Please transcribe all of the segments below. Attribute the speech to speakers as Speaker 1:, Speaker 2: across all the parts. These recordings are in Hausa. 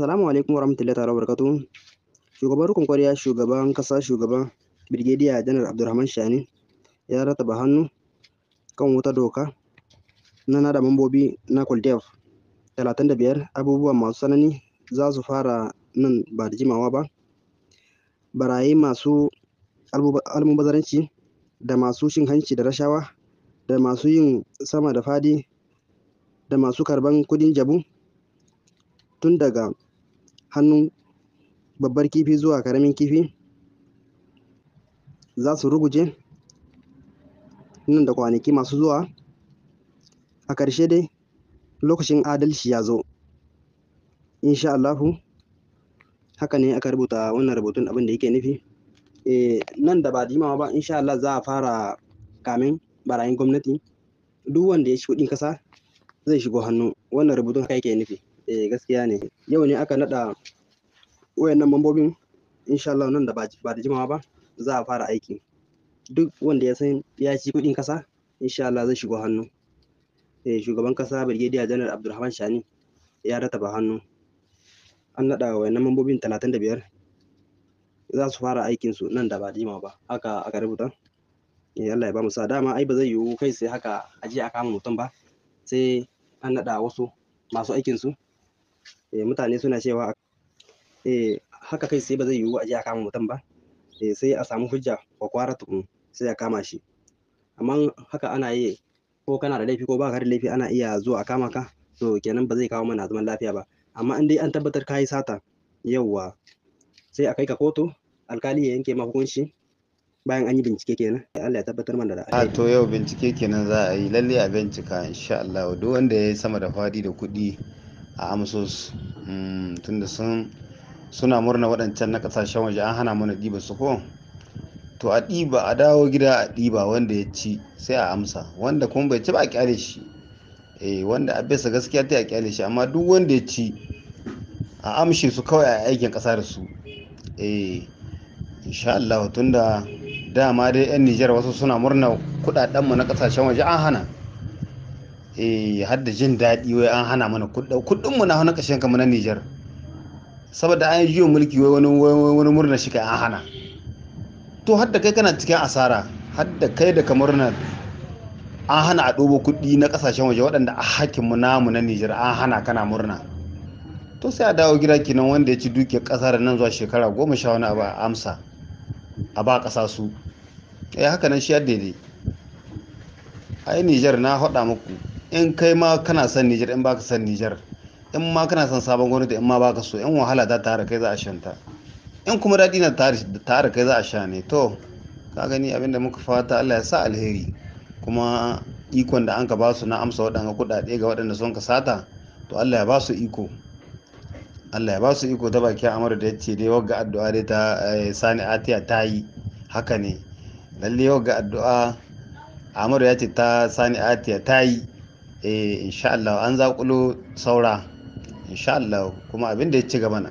Speaker 1: Assalamu alaikum warahmatullahi ta'ala barakatuh. Shugaban rukun kwariya shugaban ƙasa shugaban Birgediya Janar Abdulrahman Shani ya rataba hannu kan wata doka na nada mambobi na kuldev 35 abubuwan masu tsanani za su fara nan ba da jimawa ba. Barayi masu almubazaranci da masu shin hanci da rashawa da masu yin sama da fadi da masu karban kudin jabu tun daga Hannu babbar kifi zuwa karamin kifi za su ruguje nan da kwanaki masu zuwa a ƙarshe dai lokacin adalci ya zo insha Allahu haka ne aka rubuta wannan rubutun abin da yake nufi eh, nan da ba jimawa ba insha Allah za a fara kamin barayin gwamnati duk wanda ya ci kuɗin kasa zai shigo hannu wannan rubutun haka yake nufi eh gaskiya ne yau ne aka nada wayannan mambobin insha Allah nan da ba da jimawa ba za a fara aiki duk wanda ya san ya ci kudin kasa insha Allah zai shigo hannu eh shugaban kasa Brigadier General Abdulrahman Shani ya rataba hannu an nada wayannan mambobin 35 za su fara aikin su nan da ba jimawa ba haka aka rubuta eh Allah ya ba mu sa dama ai ba zai yiwu kai sai haka aje a kama mutum ba sai an nada wasu masu aikin su Eh, mutane suna cewa eh, haka kai sai ba zai yiwu a je a kama mutum ba eh, sai a samu hujja kwara tukun sai a kama shi amma haka ana yi ko kana da laifi ko ba ka da laifi ana iya zuwa a kama ka to kenan ba zai kawo mana zaman lafiya ba amma in dai an tabbatar ka yi sata yauwa sai a kai ka kotu alkali ya yanke mahukunci bayan an yi bincike kenan Allah ya tabbatar mana da a to yau
Speaker 2: bincike kenan za a yi lalle a bincika insha Allah duk wanda ya yi sama da fadi da kuɗi a amsos mm, tunda sun suna murna waɗancan na ƙasashen waje an hana mana ɗiba su ko to a ɗiba a dawo gida a ɗiba wanda ya ci sai a amsa wanda kuma bai ci ba a kyale shi eh wanda a bisa gaskiya ta a kyale shi amma duk wanda ya ci a amshe su kawai a aikin ƙasa da su eh insha Allah tunda dama dai yan Nijar wasu suna murna kudaden mu na ƙasashen waje an hana Eh, har da jin daɗi wai an hana mana kuɗin mu na hannun ƙashin kamar na Nijar saboda an yi mulki wai wani wani murna shi kai an hana to har da kai kana cikin asara har da kai da kamar na an hana a ɗobo kuɗi na ƙasashen waje waɗanda a hakin mu na mu na Nijar an hana kana murna to sai a dawo gida kenan wanda ya ci dukiyar ƙasar nan zuwa shekara goma sha wani abu a amsa a ba ƙasa su eh haka nan shi ya ai Nijar na haɗa muku in kai ma kana son Nijar in baka son Nijar in ma kana son sabon gwamnati in ma baka so in wahala ta tare kai za a shanta in kuma daɗi na tare kai za a sha ne to ka gani abinda muka fata Allah ya sa alheri kuma ikon da an ka basu na amsa waɗanda kuɗaɗe ga waɗanda sun ka sata to Allah ya basu iko Allah ya basu iko ta baki amara da ya ce dai wagga addu'a dai ta eh, sani atiya ta yi haka ne lalle wagga addu'a amara ya ce ta sani atiya ta yi Eh, an zaƙulo saura insha Allah kuma abin da ya ci gaba na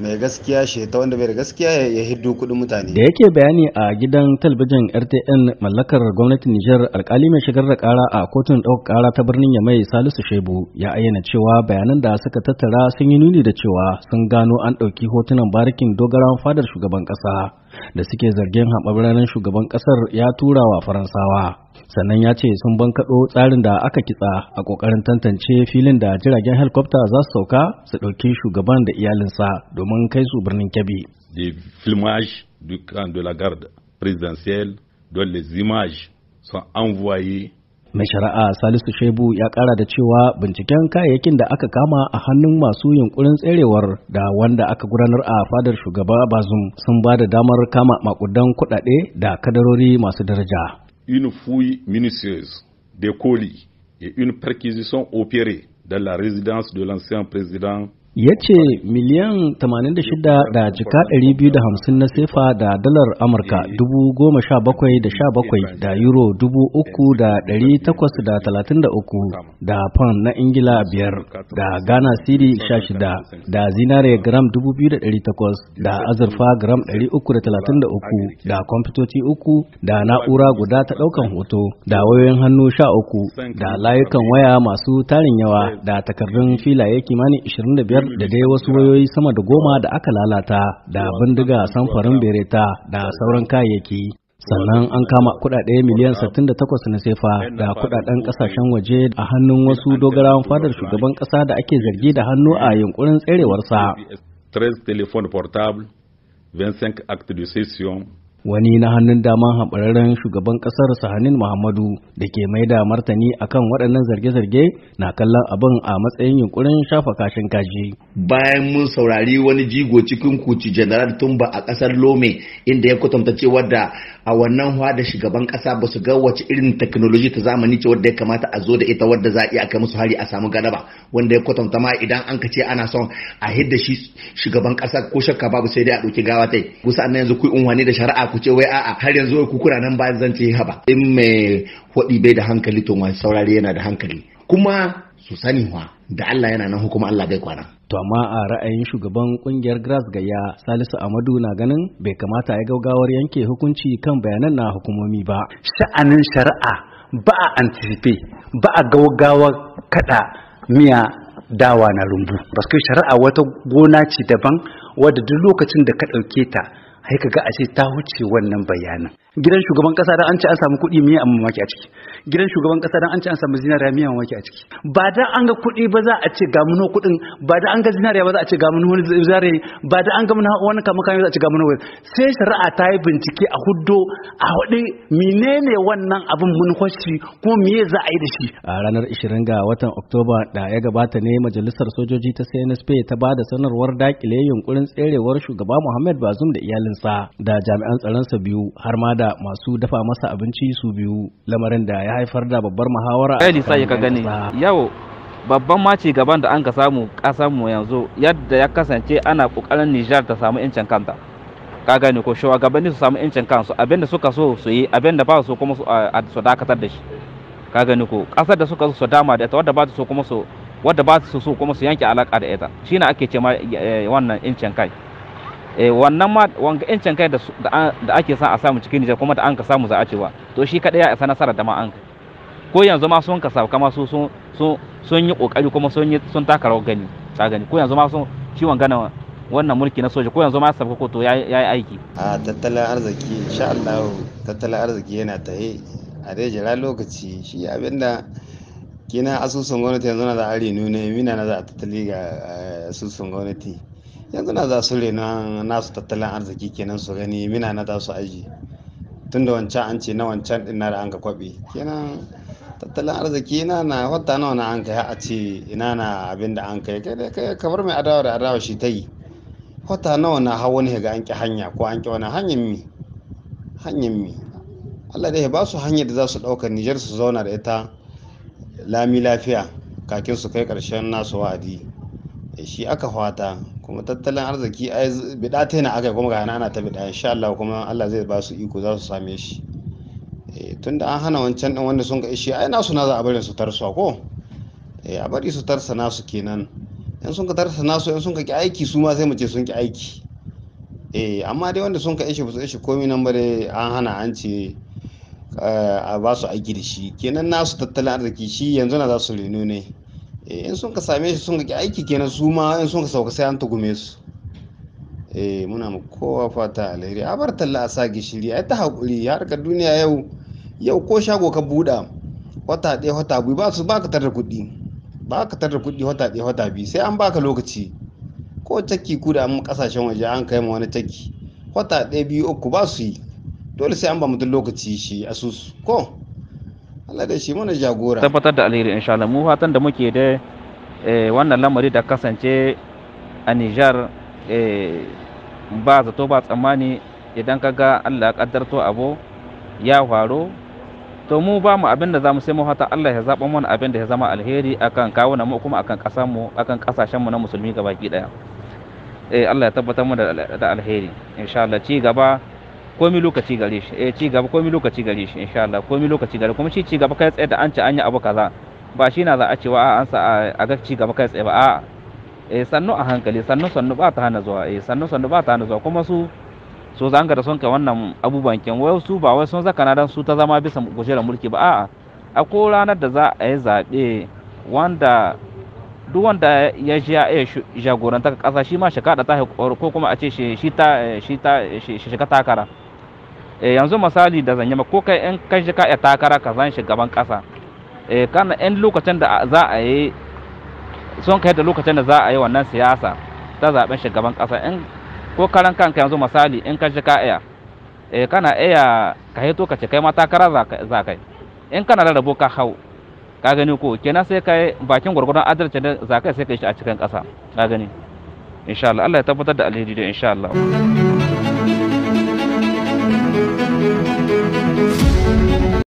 Speaker 2: mai gaskiya shi ta wanda bai da gaskiya ya hiddu kuɗin mutane. Da
Speaker 3: yake bayani a gidan talabijin RTN mallakar gwamnatin Nijar alkali mai shigar da kara a kotun ɗaukar kara ta birnin Yamai Salisu Shebu ya ayyana cewa bayanan da suka tattara sun yi nuni da cewa sun gano an ɗauki hotunan barikin dogaran fadar shugaban ƙasa da suke zargin haɓar ranar shugaban ƙasar ya tura wa Faransawa. sannan ya ce sun bankaɗo tsarin da aka kitsa a ƙoƙarin tantance filin da jiragen helikwafta za su sauka su ɗauki shugaban da iyalinsa domin kai su birnin kebbi the filmage du camp de la garde présidentielle dont les images sont envoyées mai shari'a salisu shebu ya kara da cewa binciken kayayyakin da aka kama a hannun masu yunkurin tserewar da wanda aka gudanar a fadar shugaba bazum sun ba da damar kama makudan kudade da kadarori masu daraja
Speaker 2: une fouille minutieuse
Speaker 3: des colis et une perquisition opérée dans la résidence de l'ancien président ya ce miliyan 86 da jika 250 na sefa da dalar amurka 17,17 da euro 3,833 da pound na ingila 5 da ghana siri 16 da zinare gram 2,800 da azurfa gram 333 da kwamfutoci 3 da na'ura guda ta daukan hoto da wayoyin hannu 13 da layukan waya masu tarin yawa da takardun filaye kimanin 25 biyar da dai wasu wayoyi sama da goma da aka lalata da bindiga samfarin bereta da sauran kayayyaki. sannan an kama kudade miliyan 68 na sefa da kudaden kasashen waje a hannun wasu dogarawan fadar shugaban kasa da ake zargi da hannu a yunkurin tserewarsa 13 téléphone portable 25 acte de session wani na hannun dama haɓararren shugaban ƙasar sahanin muhammadu da ke mai da martani akan waɗannan zarge-zarge na kallon abin a matsayin yunkurin shafa kashin kaji bayan mun saurari wani jigo cikin kuci general tumba a ƙasar lome inda ya kwatanta cewa da a wannan huwa da shugaban kasa ba su ga wace irin teknoloji ta zamani ce wadda ya kamata a zo da ita wadda za a iya kai musu hari a samu galaba wanda ya kwatanta ma idan an ka ce ana son a hidda shi shugaban kasa ko shakka babu sai dai a dauki gawa tai kusa annan yanzu ku unwani da shari'a ku ce wai a'a har yanzu ku kuna nan ba zan ce haba in mai hodi bai da hankali to mai saurare yana da hankali kuma su sani wa da Allah yana nan hukuma Allah bai kwana. To amma a ra'ayin shugaban kungiyar ga ya Salisu Amadu na ganin bai kamata ya gaugawar yanke hukunci kan bayanan na hukumomi ba. Sha'anin shari'a ba a anticipe ba a gaugawar kada miya dawa na rumbu. Baske shari'a wata gona ce daban wadda duk lokacin da ka ɗauke ta, haika ga ce ta wuce wannan bayanan. gidan shugaban kasa dan an ci an samu kuɗi miya amma mamaki a ciki gidan shugaban kasa dan an ce an samu zinariya miya mamaki a ciki ba da an ga kuɗi ba za a ce ga muno kuɗin ba da an ga zinariya ba za a ce ga muno wani zinariya ba da an ga muno wani kamar kan za a ce ga muno wani sai shari'a ta yi bincike a huddo a hudu menene wannan abin mun kwashi ko me
Speaker 2: za a yi da shi
Speaker 3: a ranar 20 ga watan Oktoba da ya gabata ne majalisar sojoji ta CNSP ta ba da sanarwar dakile yunkurin tserewar shugaba Muhammad Bazum da iyalinsa da jami'an tsaron sa biyu har ma da masu dafa masa abinci su biyu lamarin da ya haifar da babbar muhawara a lisa ka gani
Speaker 4: yau babban maci gaban da an ka samu kasan mu yanzu yadda ya kasance ana kokarin Nijar ta samu yancin kanta ka gani ko shugabanni su samu yancin kansu abinda suka so su yi abinda ba su kuma su dakatar da shi ka gani ko kasar da suka so su dama da ita wadda ba su so kuma su wadda ba su so kuma su yanke alaka da ita shine ake cewa eh, wannan yancin kai Eh, wannan ma wanga yancin kai da ake sa a samu cikin Nijar kuma da an ka samu za a cewa to shi kaɗai ya isa nasara da ma an ko yanzu ma sun ka sauka ma su sun yi kokari kuma sun yi sun taka rawar gani ta gani ko yanzu
Speaker 2: ma sun shi wangana wannan mulki na soja ko yanzu ma sabka ko to ya yi aiki a tattalin arziki insha Allah tattalin arziki yana tahe a dai jira lokaci shi abinda kina asusun gwamnati yanzu na za a rinu ne mina na za a tattali ga eh, asusun gwamnati yanzu na za su rena nasu tattalin arziki kenan su gani mina na za su aji tun da wancan an ce na wancan din na da an ga kwabe kenan tattalin arziki na na wata nawa na an kai a ce ina na abin da an kai kai kamar mai adawa da adawa shi ta yi wata nawa na hawa ne ga an ki hanya ko an ki wani hanyar mi hanyar mi Allah dai ba su hanyar da za su ɗauka Nijar su zauna da ita lami lafiya kakin su kai ƙarshen nasu wa'adi Eh, shi aka fata kuma tattalin arziki ai bida ta yana aka kuma ga ana ta bida insha Allah kuma Allah zai ba su iko za su same shi eh, tunda an hana wancan din wanda sun ga shi ai nasu na za a bari su tarsa ko eh, a bari su tarsa nasu kenan in sun ka tarsa nasu in sun ka ki aiki su ma sai mu ce sun ki aiki eh amma dai wanda sun ka ishe ba su ishe komai nan ba dai an hana an ce a ba su aiki da shi kenan nasu tattalin arziki shi yanzu na za su reno ne Eh, in sun ka same shi sun ga aiki kenan su ma in sun ka sauka sai an tugume su eh muna mu kowa fata alheri a bar talla a sa gishiri ai ta hakuri har ka duniya yau yau ko shago ka buɗa wata ɗaya wata biyu ba su baka tar da kuɗi ba ka tar da kuɗi wata ɗaya wata biyu sai an baka lokaci ko cakki ku da an kasashen waje an kai ma wani cakki wata ɗaya biyu uku ba su yi dole sai an ba mutum lokaci shi asusu ko Allah da shi mana jagora
Speaker 4: tabbatar da alheri insha Allah mu fatan da muke da eh, wannan lamari da kasance a Nijar eh, ba zato ba tsammani idan ka ga Allah ya kaddarto abu ya faro to mu ba mu abin da za mu sai mu fata Allah ya zaɓa mana abin da ya zama alheri akan kawunan mu kuma akan ƙasar mu akan ƙasashen mu na musulmi ki daya eh Allah ya tabbatar mu da alheri insha Allah ci gaba komi lokaci gare shi eh ci gaba komi lokaci gare shi insha Allah komi lokaci gare kuma shi ci gaba kai tsaye da an ci an yi abu kaza ba shi na za a cewa a an sa a ga ci gaba kai tsaye ba a eh sannu a hankali sannu sannu ba ta hana zuwa eh sannu sannu ba ta hana zuwa kuma su so zanga da son kai wannan abubuwan kin wai su ba wai sun zaka na dan su ta zama bisa kujerar mulki ba a'a a ranar da za a yi zaɓe wanda duk wanda ya ji ya jagoranta ƙasa shi ma shi kaɗa ta ko kuma a ce shi ta shi ta shi shiga takara Eh, yanzu misali da zanyama ko kai in kan shi ka takara ka zan shugaban kasa eh, kana in lokacin da za a yi sun kai da lokacin da za a yi wannan siyasa ta zaben shugaban kasa in ko karan kanka yanzu misali in kan shi ka iya eh, kana iya ka hito ka ce kai ma takara za kai in kana da rabo ka hau ka gani ko kenan sai kai bakin gwargwadon adalci da za kai sai ka yi shi a cikin kasa ka gani insha Allah Allah ya tabbatar da alheri da insha Allah
Speaker 2: Thank you.